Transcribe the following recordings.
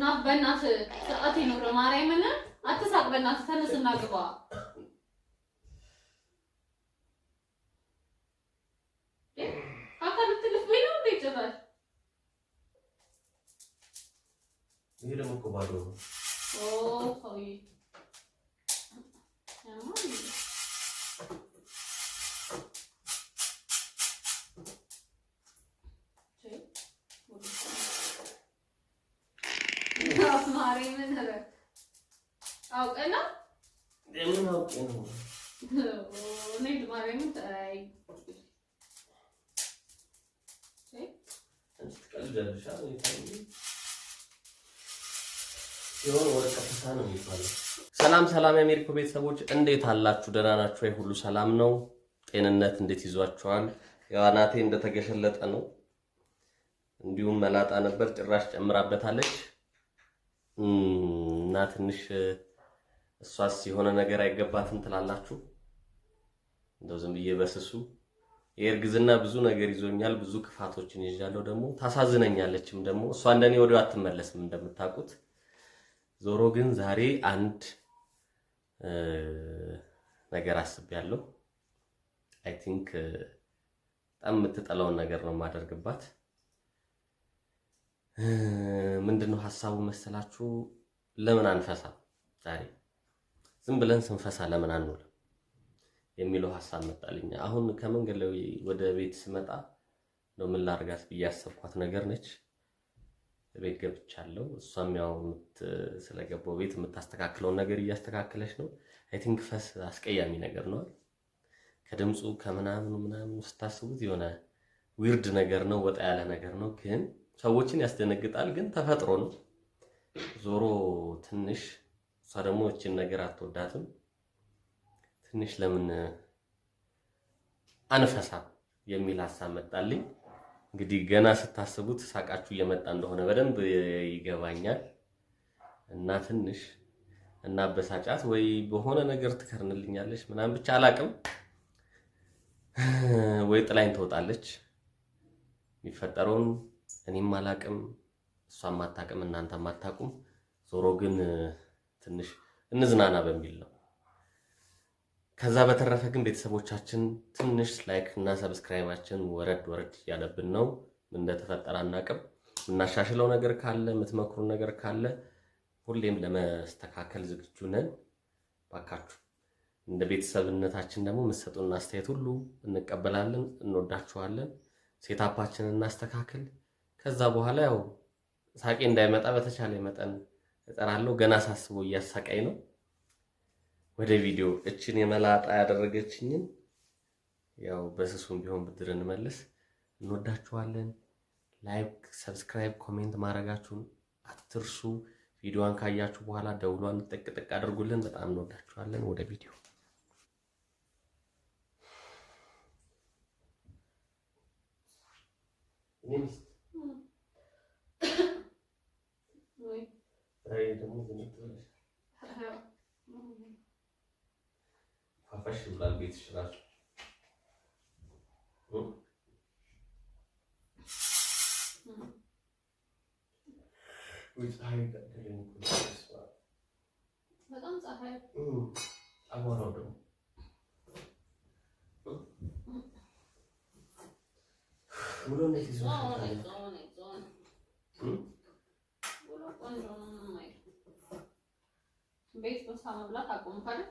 ናት በእናት ሰዓት ይኖረ ማርያምን አትሳቅ። በእናት ተነስና ግባ። ይሄ ደግሞ እኮ ባዶ ነው። በተሻለ ነው የሚባለው። ሰላም ሰላም፣ የአሜሪኮ ቤተሰቦች እንዴት አላችሁ? ደህና ናችሁ? ሁሉ ሰላም ነው? ጤንነት እንዴት ይዟችኋል? ያው አናቴ እንደተገሸለጠ ነው። እንዲሁም መላጣ ነበር፣ ጭራሽ ጨምራበታለች እና ትንሽ እሷስ የሆነ ነገር አይገባትም ትላላችሁ? እንደው ዝም ብዬ በስሱ የእርግዝና ብዙ ነገር ይዞኛል፣ ብዙ ክፋቶችን ይዣለሁ። ደግሞ ታሳዝነኛለችም ደግሞ እሷ እንደኔ ወደ አትመለስም እንደምታውቁት። ዞሮ ግን ዛሬ አንድ ነገር አስቤያለሁ። አይ ቲንክ በጣም የምትጠላውን ነገር ነው የማደርግባት። ምንድን ነው ሀሳቡ መሰላችሁ? ለምን አንፈሳ ዛሬ ዝም ብለን ስንፈሳ ለምን አንውልም? የሚለው ሀሳብ መጣልኝ። አሁን ከመንገድ ላይ ወደ ቤት ስመጣ ነው ምን ላርጋት ብዬ ያሰብኳት ነገር ነች። ቤት ገብቻለሁ። እሷም ያው ስለገባው ቤት የምታስተካክለውን ነገር እያስተካከለች ነው። አይ ቲንክ ፈስ አስቀያሚ ነገር ነው። ከድምፁ ከምናምኑ ምናምኑ ስታስቡት የሆነ ዊርድ ነገር ነው፣ ወጣ ያለ ነገር ነው። ግን ሰዎችን ያስደነግጣል። ግን ተፈጥሮ ነው። ዞሮ ትንሽ እሷ ደግሞ እችን ነገር አትወዳትም። ትንሽ ለምን አንፈሳ የሚል ሀሳብ መጣልኝ። እንግዲህ ገና ስታስቡት ሳቃችሁ እየመጣ እንደሆነ በደንብ ይገባኛል እና ትንሽ እና በሳጫት ወይ በሆነ ነገር ትከርንልኛለች ምናምን ብቻ አላቅም፣ ወይ ጥላይን ትወጣለች። የሚፈጠረውን እኔም አላቅም፣ እሷም አታቅም፣ እናንተም አታቁም። ዞሮ ግን ትንሽ እንዝናና በሚል ነው። ከዛ በተረፈ ግን ቤተሰቦቻችን ትንሽ ላይክ እና ሰብስክራይባችን ወረድ ወረድ እያለብን ነው። እንደተፈጠረ አናቅም። የምናሻሽለው ነገር ካለ የምትመክሩን ነገር ካለ ሁሌም ለመስተካከል ዝግጁ ነን። ባካችሁ እንደ ቤተሰብነታችን ደግሞ የምትሰጡን አስተያየት ሁሉ እንቀበላለን። እንወዳችኋለን። ሴታፓችንን እናስተካክል። ከዛ በኋላ ያው ሳቄ እንዳይመጣ በተቻለ መጠን እጠራለሁ። ገና ሳስቦ እያሳቀኝ ነው። ወደ ቪዲዮ እችን የመላጣ ያደረገችኝን ያው በስሱም ቢሆን ብድር እንመልስ። እንወዳችኋለን። ላይክ፣ ሰብስክራይብ፣ ኮሜንት ማድረጋችሁን አትርሱ። ቪዲዮዋን ካያችሁ በኋላ ደውሏን ጥቅጥቅ አድርጉልን። በጣም እንወዳችኋለን። ወደ ቪዲዮ ደግሞ ረሽ ብላል ቤትሽ እራሱ በጣም ፀሐይ አቧራው ደግሞ ውሎ እንዴት ይዞ ቤት መብላት አቆምክ አይደል?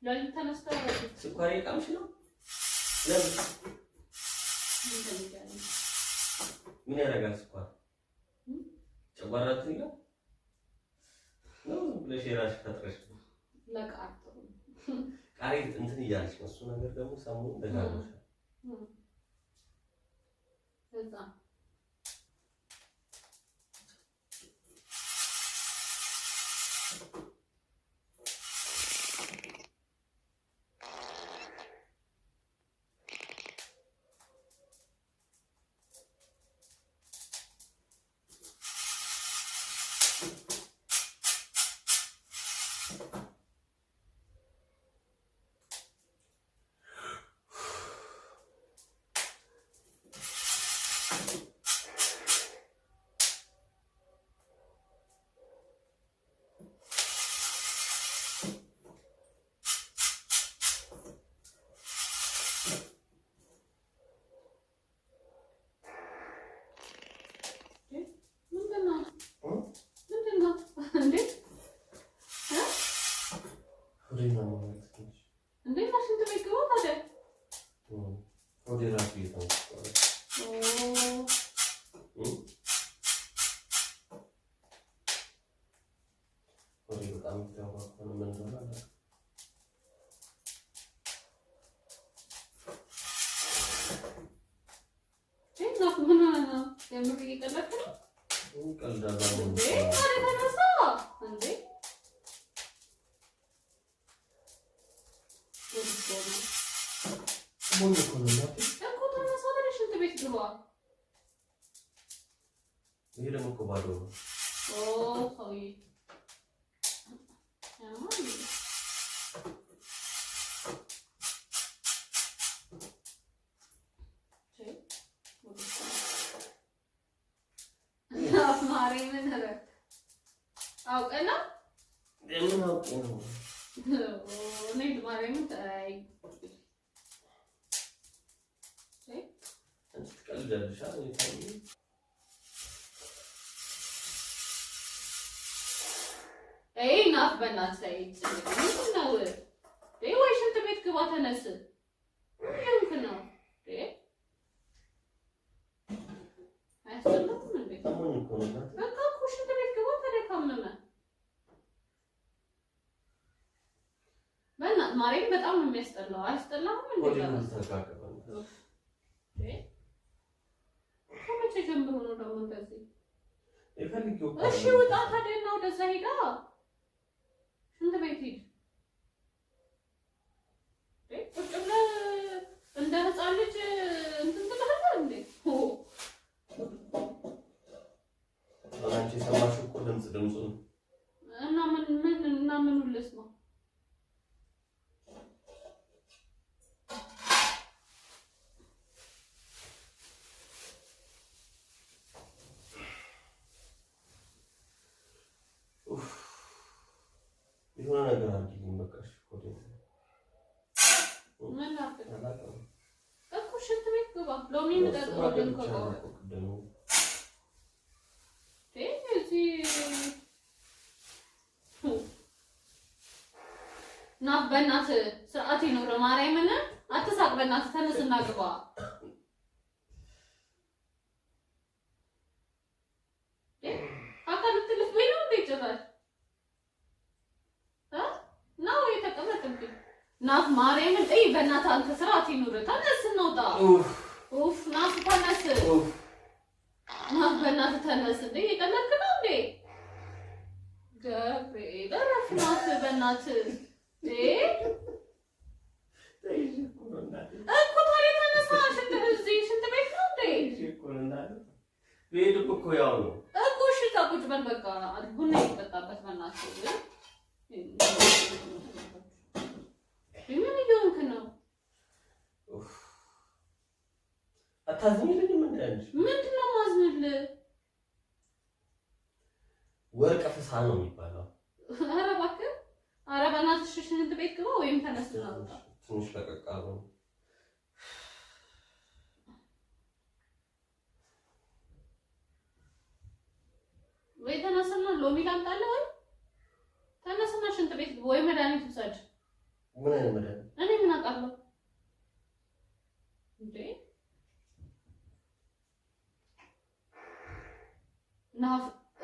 ስኳር የቃምሽ ነው? ምን ያደርጋል ስኳር? ጨጓራችን ነው ነው ብለሽ የራስሽ ፈጥረሽ ቃሪት እንትን እያለች ነው እሱ ነገር ደግሞ ሰሞኑን ಆಗ್ತೇವೆ ಹನುಮಂತನ ይሄ ደግሞ እኮ ባዶ ነው። ኦ ሰውዬ ማርያምን ህብረት አውቀና ለምን አውቀ ነው ነኝ ማርያምን ታይ ናፍ በእናትህ ላይ ነው ወይ ሽንት ቤት ግባ ተነስ ማርያም በጣም ነው የሚያስጠላው። አያስጠላም ከመቼ ጀምሮ ነው ደግሞ እንደዚህ? እሺ ውጣ ታዲያ እና ወደዛ ሄዳ ሽንት ቤት ሂድ። ቁጭ ብለህ እንደ ህፃን ልጅ እንትን ትላለህ እንዴ? አንቺ እኮ ድምፅ ድምፁ ነው እና ምን ምን እና ምኑን ልስማ ናፍ በእናት ስርዓት ይኖር። ማርያምን አትሳቅ። በእናት ተነስና ግባ። ናፍ ማርያምን በእናት አንተ ስርዓት ይኖር። ተነስ እንውጣ። ኡፍ ናሱ ተነስ፣ ኡፍ ናሱ ተነስ። እንዴ የቀለድክ ነው እንዴ? ገቤ በረፍ ናስ በእናት እኮ ታዲያ ተነሳ። ሽንት እዚህ ሽንት ቤት ነው እንዴ? ቤሄድ እኮ ያው ነው እኮ። እሺ ቁጭ በል በቃ ቡና አታዝኝልኝ? ምንድን ነው የማዝንልህ? ወርቅ ፍሳ ነው የሚባለው። ኧረ እባክህ፣ ኧረ በእናትሽ ሽንት ቤት ግባ ወይም ተነስ። ትንሽ ለቀቅ አለው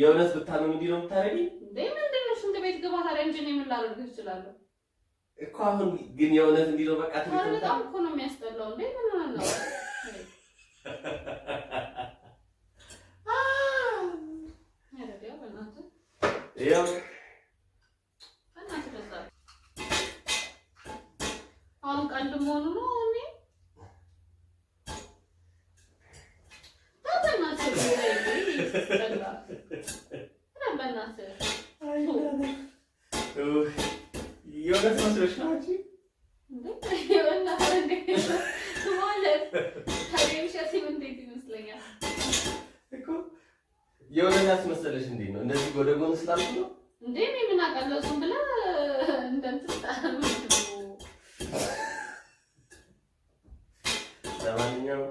የእውነት ብታመም እንዲህ ነው የምታረጊ እንዴ? ምንድን ነው ሽንት ቤት ግባ ታዲያ እንጂ እኔ ምን ላደርግ እችላለሁ እኮ። አሁን ግን የእውነት እንዲህ ነው በቃ። በጣም እኮ ነው የሚያስጠላው። እንዴ ምን ሆነ ነው? ያው ያለበት መስሎሽ ነው አንቺ የሆነ ያስመሰለሽ እንዴት ነው? እንደዚህ ወደ ጎን ስላልኩ ነው እንዴ? እኔ ምን አውቃለሁ? ዝም ብለህ ለማንኛውም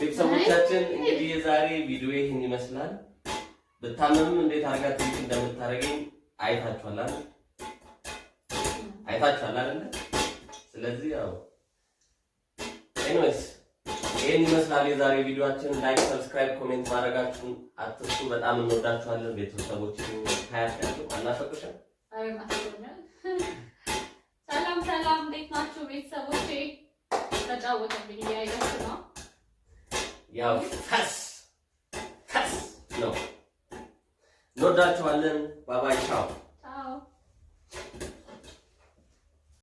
ቤተሰቦቻችን እንግዲህ የዛሬ ቪዲዮ ይህን ይመስላል። ብታመምም እንዴት አድርጋ ትንሽ እንደምታደርገኝ አይታችኋል አይደል? አይታችኋል አይደል? ስለዚህ ያው ኤኒዌይስ ይሄን ይመስላል የዛሬ ቪዲዮአችን። ላይክ፣ ሰብስክራይብ፣ ኮሜንት ማድረጋችሁን አትርሱ። በጣም እንወዳችኋለን ቤተሰቦች። ሀያት አናፈቅሽም። ሰላም ሰላም፣ እንዴት ናችሁ ቤተሰቦቼ? ተጫወተብኝ እያያችሁ ነው ያው ፈስ ፈስ ነው እንወዳችኋለን። ባባይ ቻው።